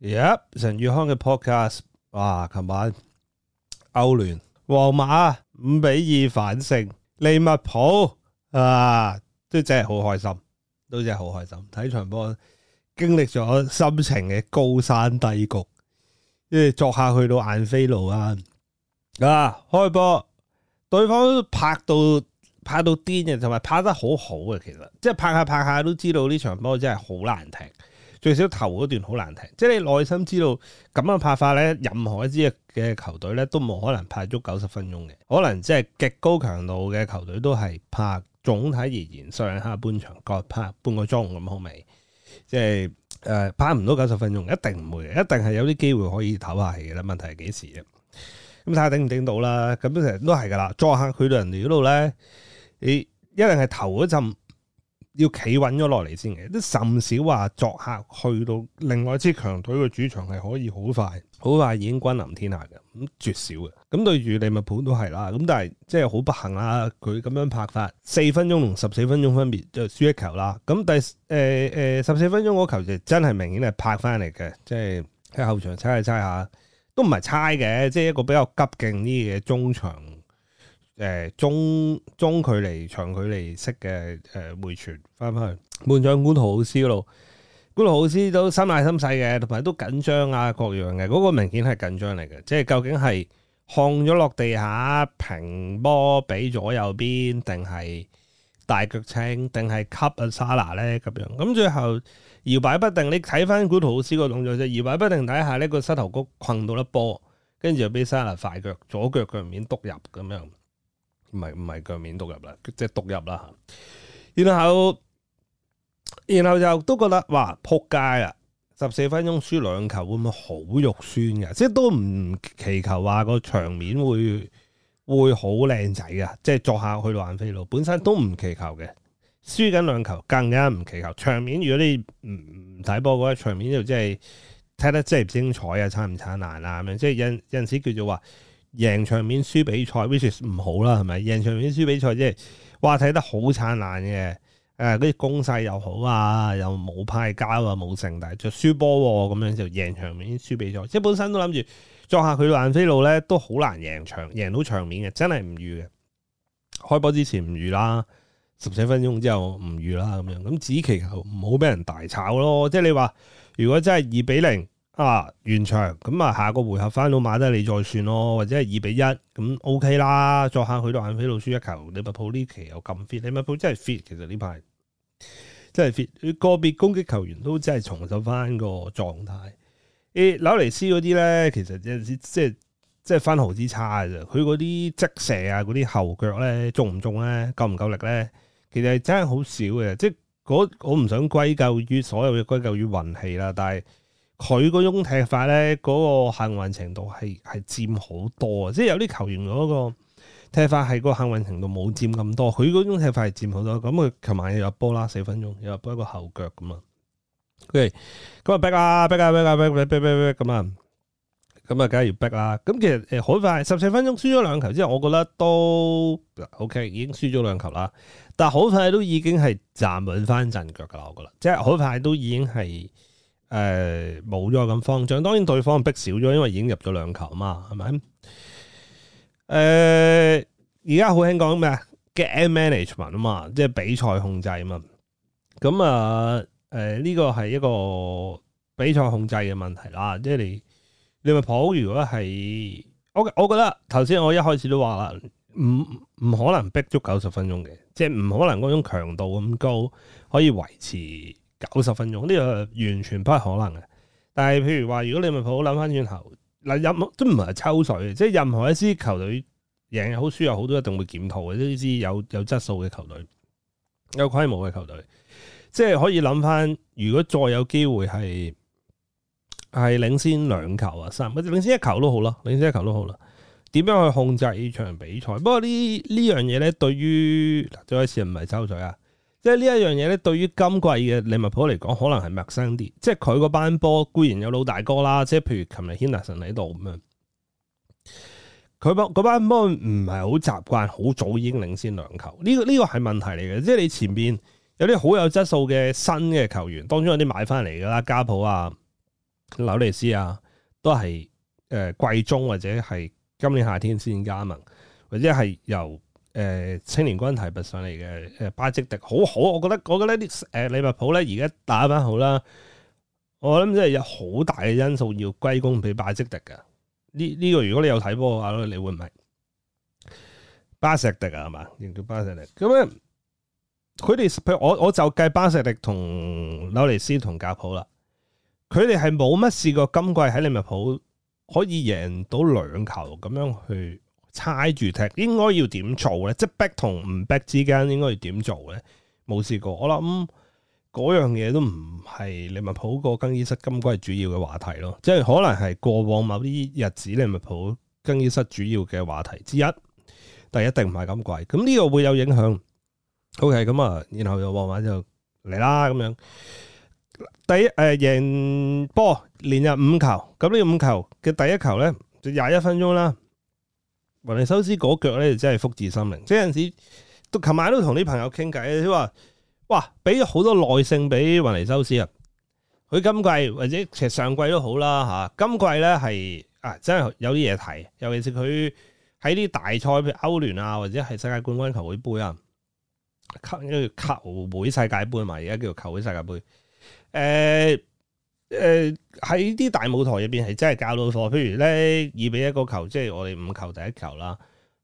yep 陳宇康嘅 podcast，哇！琴晚歐聯，皇馬五比二反勝利物浦啊，都真係好開心，都真係好開心。睇場波，經歷咗心情嘅高山低谷，即係作客去到晏菲路啊！啊，開波，對方拍到拍到癲嘅，同埋拍得好好嘅，其實即係拍下拍下都知道呢場波真係好難踢。最少頭嗰段好難停，即係你內心知道咁樣拍法咧，任何一支嘅球隊咧都冇可能拍足九十分鐘嘅，可能即係極高強度嘅球隊都係拍總體而言上下半場各拍半個鐘咁好未？即係誒拍唔到九十分鐘，一定唔會嘅，一定係有啲機會可以唞下氣嘅啦。問題係幾時？咁睇下頂唔頂到啦。咁都成日都係噶啦，作客去到人哋嗰度咧，你一定係頭嗰陣。要企穩咗落嚟先嘅，都甚少話作客去到另外一支強隊嘅主場係可以好快好快已經君臨天下嘅，咁絕少嘅。咁對住利物浦都係啦，咁但係即係好不幸啦，佢咁樣拍法，四分鐘同十四分鐘分別就輸一球啦。咁第誒誒十四分鐘嗰球就真係明顯係拍翻嚟嘅，即係喺後場猜下猜下都唔係猜嘅，即係一個比較急勁啲嘅中場。誒、呃、中中距離、長距離式嘅誒、呃、回傳翻翻去。換咗官圖魯斯嗰度，官圖魯斯都心大心細嘅，同埋都緊張啊各樣嘅。嗰、嗰個明顯係緊張嚟嘅，即係究竟係控咗落地下平波俾咗右邊，定係大腳清，定係吸啊沙拿咧咁樣。咁最後搖擺不定，你睇翻古圖魯斯個動作就搖擺不定，底下呢、呢個膝頭哥困到粒波，跟住又俾沙拿快腳左腳腳面篤入咁樣唔係唔係腳面讀入啦，即係讀入啦嚇。然後然後就都覺得哇，仆街啊！十四分鐘輸兩球，會唔會好肉酸嘅？即係都唔祈求話個場面會會好靚仔啊！即係作客去到晏菲路，本身都唔祈求嘅，輸緊兩球更加唔祈求。場面如果你唔唔睇波嗰個場面就真係睇得真係唔精彩啊，撐唔撐爛啦咁樣。即係有有陣時叫做話。贏場面輸比賽 vicious 唔好啦，係咪？贏場面輸比賽即係，哇睇得好燦爛嘅，誒嗰啲攻勢又好啊，又冇派交啊，冇成，但係就輸波咁樣就贏場面輸比賽，即係 本身都諗住作下佢爛飛路咧，都好難贏場，贏到場面嘅，真係唔預嘅。開波之前唔預啦，十四分鐘之後唔預啦，咁樣咁只祈求唔好俾人大炒咯，即係你話如果真係二比零。啊，完場咁啊，下個回合翻到馬德里再算咯，或者係二比一咁 OK 啦。作客去到晏菲路輸一球，利物浦呢期又咁 fit，利物浦真係 fit。其實呢排真係 fit，佢個別攻擊球員都真係重拾翻個狀態。誒、欸，紐尼斯嗰啲咧，其實有陣時即係即係分毫之差嘅啫。佢嗰啲即射啊，嗰啲後腳咧，中唔中咧，夠唔夠力咧，其實真係好少嘅。即係我唔想歸咎於所有嘅歸咎於運氣啦，但係。佢嗰種踢法咧，嗰個幸運程度係係佔好多啊！即係有啲球員嗰個踢法係嗰個幸運程度冇佔咁多，佢嗰種踢法係佔好多。咁佢琴晚又有波啦，四分鐘又波一個後腳咁啊。O K，咁啊逼啊逼啊逼啊逼逼逼逼逼咁啊！咁啊梗係要逼啦。咁其實誒好快十四分鐘輸咗兩球之後我 OK, 球，我覺得都 O K 已經輸咗兩球啦。但係好快都已經係站穩翻陣腳嘅啦，我覺得，即係好快都已經係。誒、呃，冇咗咁方丈，當然對方逼少咗，因為已經入咗兩球嘛，係咪？誒、呃，而家好興講咩 Game management 啊嘛，即係比賽控制嘛。咁、嗯、啊，誒、呃，呢個係一個比賽控制嘅問題啦。即係你，你咪普。如果係，我、okay, 我覺得頭先我一開始都話啦，唔唔可能逼足九十分鐘嘅，即係唔可能嗰種強度咁高可以維持。九十分鐘呢個完全不可能嘅，但係譬如話，如果你咪好諗翻轉頭，嗱任都唔係抽水嘅，即係任何一支球隊贏又好輸又好，都一定會檢討嘅。即呢支有有質素嘅球隊，有規模嘅球隊，即係可以諗翻，如果再有機會係係領先兩球啊，三或者領先一球都好囉，領先一球都好囉，點樣去控制呢場比賽？不過呢呢樣嘢咧，這個、對於最一次唔係抽水啊。即係呢一樣嘢咧，對於今季嘅利物浦嚟講，可能係陌生啲。即係佢嗰班波固然有老大哥啦，即係譬如琴日 Henderson 喺度咁樣，佢班波唔係好習慣，好早已經領先兩球。呢、這個呢個係問題嚟嘅。即係你前邊有啲好有質素嘅新嘅球員，當中有啲買翻嚟噶啦，加普啊、紐尼斯啊，都係誒、呃、季中或者係今年夏天先加盟，或者係由。誒、呃，青年軍提拔上嚟嘅，誒，巴積迪好好，我覺得我覺得啲誒利物浦咧，而家打返好啦。我諗即係有好大嘅因素要歸功俾巴積迪噶。呢呢、這個如果你有睇波嘅話，你會唔係巴積迪啊？係嘛，叫巴積迪。咁咧，佢哋譬如我我就計巴積迪同紐尼斯同格普啦。佢哋係冇乜試過今季喺利物浦可以贏到兩球咁樣去。猜住踢應該要點做咧？即係逼同唔逼之間應該要點做咧？冇試過，我諗嗰、嗯、樣嘢都唔係利物浦個更衣室今季主要嘅話題咯。即係可能係過往某啲日子利物浦更衣室主要嘅話題之一，但係一定唔係咁貴。咁呢個會有影響？OK，咁啊，然後又往完就嚟啦咁樣。第一誒、呃，贏波連入五球，咁呢五球嘅第一球咧就廿、是、一分鐘啦。雲尼修斯嗰腳咧就真係福至心靈，即係陣時，到琴晚都同啲朋友傾偈佢話：哇，俾咗好多耐性俾雲尼修斯啊！佢今季或者其實上季都好啦吓，今季咧係啊真係有啲嘢睇，尤其是佢喺啲大賽，譬如歐聯啊，或者係世界冠軍球會杯啊，球叫球會世界杯嘛，而家叫球會世界杯，誒、呃。誒、呃，喺啲大舞台入邊係真係教到課。譬如咧，二比一個球，即係我哋五球第一球啦。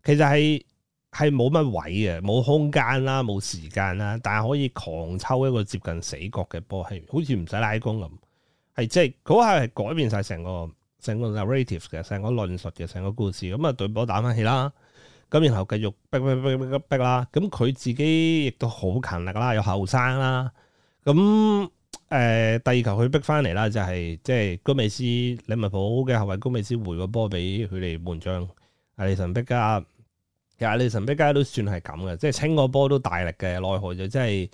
其實係係冇乜位嘅，冇空間啦，冇時間啦，但係可以狂抽一個接近死角嘅波，係好似唔使拉弓咁，係即係嗰下係改變晒成個成個 narrative 嘅成個論述嘅成個故事。咁啊，隊波打翻起啦，咁然後繼續逼逼逼逼逼啦，咁佢自己亦都好勤力啦，有後生啦，咁。誒、呃，第二球佢逼翻嚟啦，就係、是、即係高美斯、利物浦嘅後衛高美斯回個波俾佢哋門將阿里臣碧加，其實阿里臣碧加都算係咁嘅，即係清個波都大力嘅，奈何就真係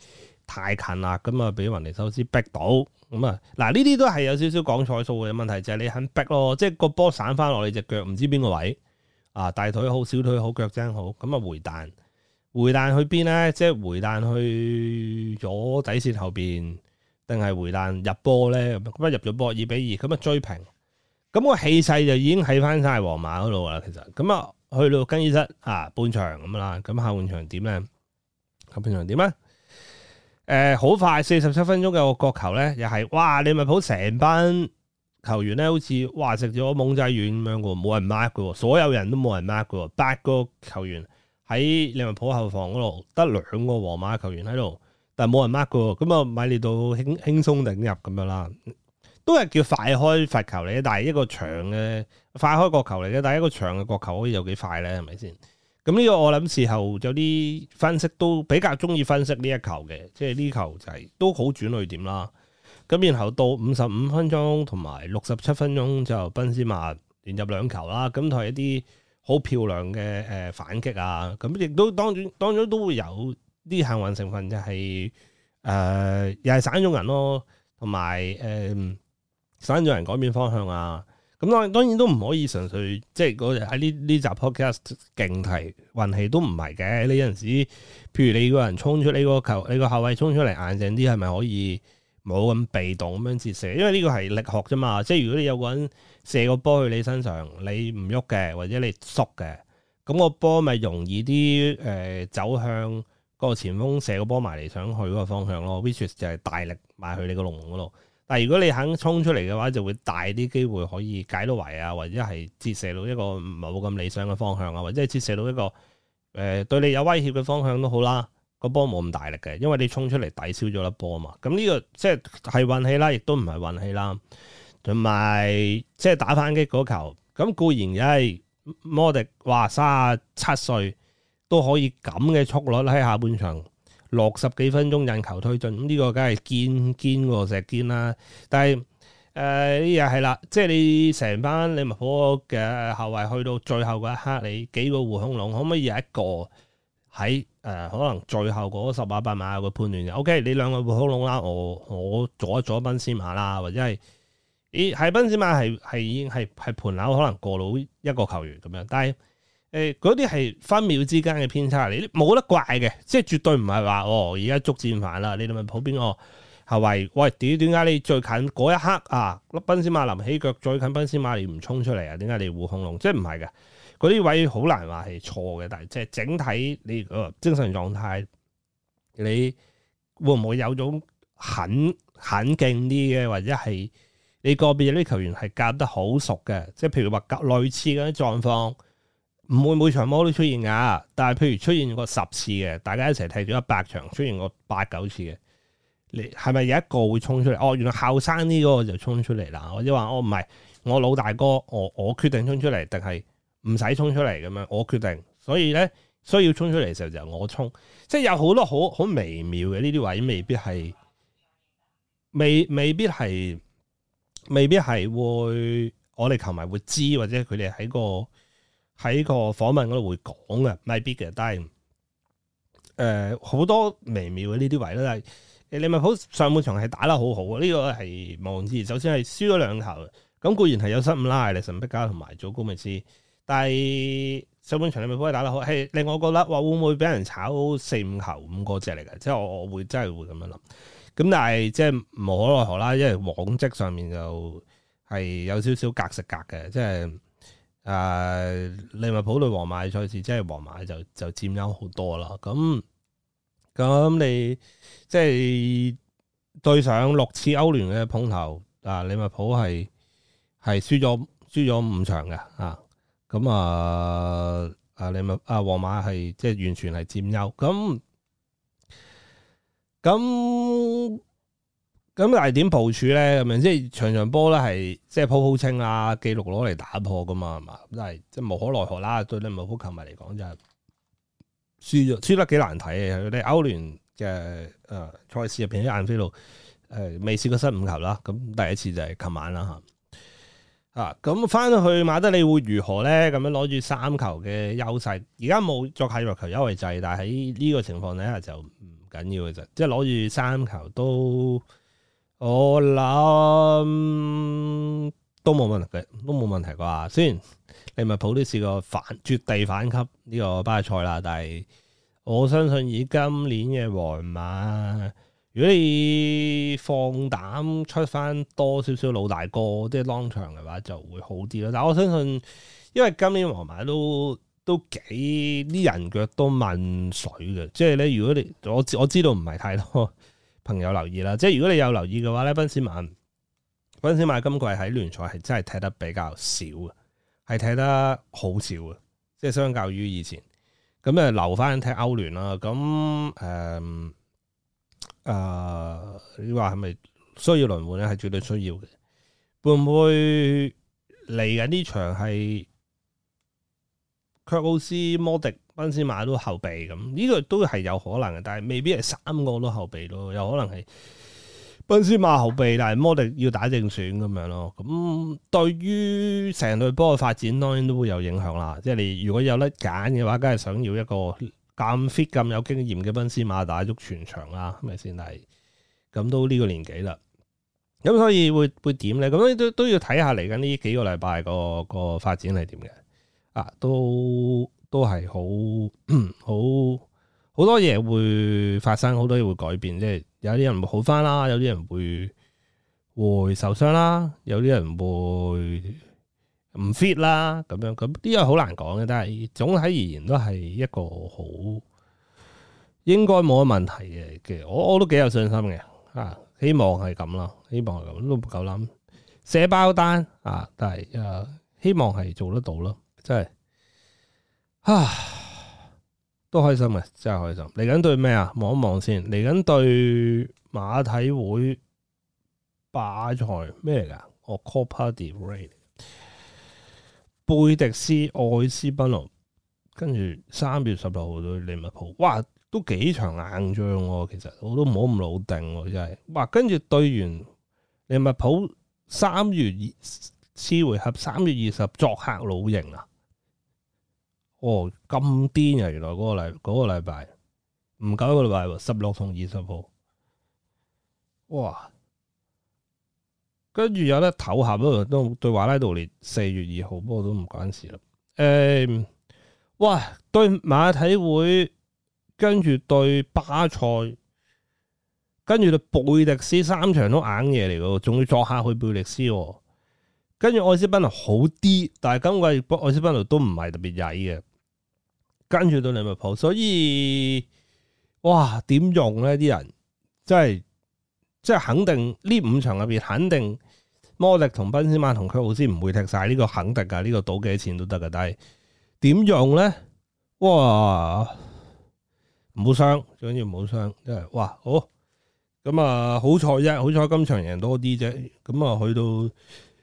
太近啦，咁啊俾雲尼修斯逼到，咁啊嗱呢啲都係有少少講彩數嘅問題，就係、是、你肯逼咯，即係個波散翻落你隻腳唔知邊個位啊，大腿好、小腿好、腳踭好，咁啊回彈，回彈去邊咧？即係回彈去咗底線後邊。定係回彈入波咧，咁啊入咗波二比二，咁啊追平，咁個氣勢就已經喺翻晒皇馬嗰度啦。其實，咁啊去到更衣室啊，半場咁啦，咁下半場點咧？下半場點啊？誒、呃，好快四十七分鐘嘅個角球咧，又係哇！利物浦成班球員咧，好似哇食咗懵仔丸咁樣嘅，冇人 mark 嘅，所有人都冇人 mark 嘅，八個球員喺利物浦後防嗰度，得兩個皇馬球員喺度。冇人 mark 嘅，咁啊，咪嚟到輕輕鬆頂入咁樣啦，都係叫快開發球嚟嘅。但係一個長嘅快開角球嚟嘅，但係一個長嘅角球可以有幾快咧？係咪先？咁呢個我諗事後就有啲分析都比較中意分析呢一球嘅，即係呢球就係都好轉捩點啦。咁然後到五十五分鐘同埋六十七分鐘就賓斯馬連入兩球啦。咁同係一啲好漂亮嘅誒反擊啊！咁亦都當然當中都會有。啲幸運成分就係誒，又係散種人咯，同埋誒散種人改變方向啊。咁當然當然都唔可以純粹即係嗰日喺呢呢集 podcast 競題運氣都唔係嘅。你有陣時，譬如你個人衝出你個球，你個後衛衝出嚟硬淨啲，係咪可以冇咁被動咁樣折射？因為呢個係力學啫嘛。即係如果你有個人射個波去你身上，你唔喐嘅，或者你縮嘅，咁個波咪容易啲、呃、走向。個前鋒射個波埋嚟，想去嗰個方向咯 which is 就係大力埋去你個籠度。但如果你肯衝出嚟嘅話，就會大啲機會可以解到圍啊，或者係折射到一個唔係冇咁理想嘅方向啊，或者係折射到一個誒、呃、對你有威脅嘅方向都好啦。個波冇咁大力嘅，因為你衝出嚟抵消咗粒波啊嘛。咁呢、呢個即係係運氣啦，亦都唔係運氣啦。同埋即係打反擊嗰球，咁固然係摩迪，哇，三十七歲。都可以咁嘅速率喺下半場六十幾分鐘引球推進，咁、嗯、呢、這個梗係堅，堅過石堅啦。但係誒呢嘢係啦，即係你成班利物浦嘅後衛去到最後嗰一刻，你幾個護空籠可唔可以有一個喺誒、呃、可能最後嗰十碼八碼嘅判斷？O K，你兩個護空籠啦，我我阻咗賓斯馬啦，或者係咦係賓斯馬係係已經係係盤樓可能過到一個球員咁樣，但係。誒嗰啲係分秒之間嘅偏差，你冇得怪嘅，即係絕對唔係話哦。而家捉戰犯啦，你哋咪普遍哦係為喂點點解你最近嗰一刻啊，粒賓斯馬林起腳最近賓斯馬你唔衝出嚟啊？點解你胡控龍？即係唔係嘅嗰啲位好難話係錯嘅，但係即係整體你個精神狀態，你會唔會有種狠狠勁啲嘅，或者係你個別啲球員係夾得好熟嘅，即係譬如話類似嗰啲狀況。唔會每場波都出現㗎，但係譬如出現過十次嘅，大家一齊睇咗一百場，出現過八九次嘅，你係咪有一個會衝出嚟？哦，原來後生呢個就衝出嚟啦，或者話哦唔係，我老大哥，我我決定衝出嚟，定係唔使衝出嚟咁樣？我決定，所以咧，需要衝出嚟嘅時候就由我衝，即係有好多好好微妙嘅呢啲位，未必係，未未必係，未必係會我哋球迷會知，或者佢哋喺個。喺個訪問嗰度會講嘅，未必嘅。但係誒好多微妙嘅呢啲位啦。但係利物浦上半場係打得好好啊，呢、這個係忘記。首先係輸咗兩球，咁固然係有失誤嘅神不加同埋祖高美斯。但係上半場利物浦係打得好，係令我覺得話，會唔會俾人炒四五球五個隻嚟嘅？即係我，我會真係會咁樣諗。咁但係即係無可奈何啦，因為往績上面就係有少少格食格嘅，即係。誒、啊，利物浦對皇馬賽事，即係皇馬就就佔優好多啦。咁咁你即係、就是、對上六次歐聯嘅碰頭，啊利物浦係係輸咗輸咗五場嘅啊。咁啊啊利物浦啊皇馬係即係完全係佔優。咁咁。咁但係點部署咧？咁樣即係場場波咧係即係鋪鋪清啊記錄攞嚟打破噶嘛係嘛咁，但係即係無可奈何啦。對利物浦球迷嚟講就係輸咗，輸得幾難睇嘅佢哋歐聯嘅誒賽事入邊喺安菲路誒未試過失五球啦。咁第一次就係琴晚啦吓啊！咁翻去馬德里會如何咧？咁樣攞住三球嘅優勢，而家冇作客弱球優惠制，但係喺呢個情況底下就唔緊要嘅啫。即係攞住三球都。我諗都冇問題嘅，都冇問題啩。雖然利物浦都試過反絕地反擊呢個巴塞啦，但係我相信以今年嘅皇馬，如果你放膽出翻多少少老大哥，即係 long 場嘅話，就會好啲咯。但係我相信，因為今年皇馬都都幾啲人腳都問水嘅，即係咧，如果你我我知道唔係太多。朋友留意啦，即係如果你有留意嘅話咧，賓斯曼、賓斯曼今季喺聯賽係真係踢得比較少嘅，係踢得好少嘅，即係相較於以前。咁誒留翻踢歐聯啦，咁誒誒，你話係咪需要輪換咧？係絕對需要嘅。會唔會嚟緊呢場係卻奧斯摩迪？賓斯馬都後備咁，呢個都係有可能嘅，但係未必係三個都後備咯，有可能係賓斯馬後備，但係摩迪要打正選咁樣咯。咁對於成隊波嘅發展，當然都會有影響啦。即係你如果有得揀嘅話，梗係想要一個咁 fit 咁有經驗嘅賓斯馬打足全場啦，係咪先係？咁都呢個年紀啦，咁所以會會點咧？咁都都都要睇下嚟緊呢幾個禮拜個個發展係點嘅啊，都。都係好好好多嘢會發生，好多嘢會改變，即係有啲人會好翻啦，有啲人會會受傷啦，有啲人會唔 fit 啦，咁樣咁呢個好難講嘅，但係總體而言都係一個好應該冇乜問題嘅，其實我我都幾有信心嘅啊，希望係咁咯，希望係咁都唔夠諗寫包單啊，但係誒、啊、希望係做得到咯，真係。啊，都開心啊，真係開心！嚟緊對咩啊？望一望先，嚟緊對馬體會巴塞咩嚟噶？我 Copa del Rey，貝迪斯、愛斯賓奴，跟住三月十六號對利物浦，哇，都幾場硬仗喎、啊！其實我都唔好咁老定、啊，真係哇！跟住對完利物浦，三月二次回合3 20，三月二十作客老贏啊。哦咁癲啊！原來嗰、啊嗰個禮、嗰個禮拜唔夠一個禮拜喎，十六同二十號，哇！跟住有得頭合咯，都對瓦拉杜列四月二號，不過都唔關事啦。誒、嗯，哇！對馬體會，跟住對巴塞，跟住對貝迪斯三場都硬嘢嚟噶，仲要作客去貝迪斯、啊，跟住愛斯賓奴好啲，但係今季月波愛斯賓奴都唔係特別曳嘅。跟住到利物浦，所以哇，點用咧？啲人即係即係肯定呢五場入邊肯定摩力同賓斯馬同區奧斯唔會踢晒，呢個肯定噶呢個賭幾錢都得噶但係點用咧？哇，唔好傷，最緊要唔好傷，即係，哇好咁啊，好彩啫，好彩今場贏多啲啫。咁啊，去到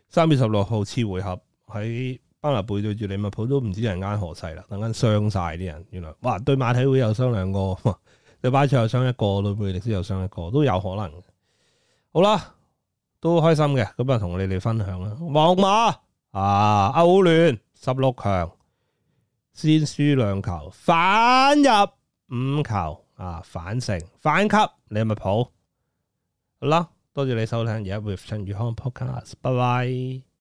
三月十六號次回合喺。巴拿貝對住利物浦都唔知道人間何世啦，等間傷晒啲人。原來，哇，對馬體會又傷兩個，對巴塞又傷一個，貝迪斯又傷一個，都有可能。好啦，都開心嘅，咁啊同你哋分享啦。皇馬啊，歐聯十六強，先輸兩球，反入五球啊，反勝反級利物浦。好啦，多謝你收聽，而家會 home podcast，拜拜。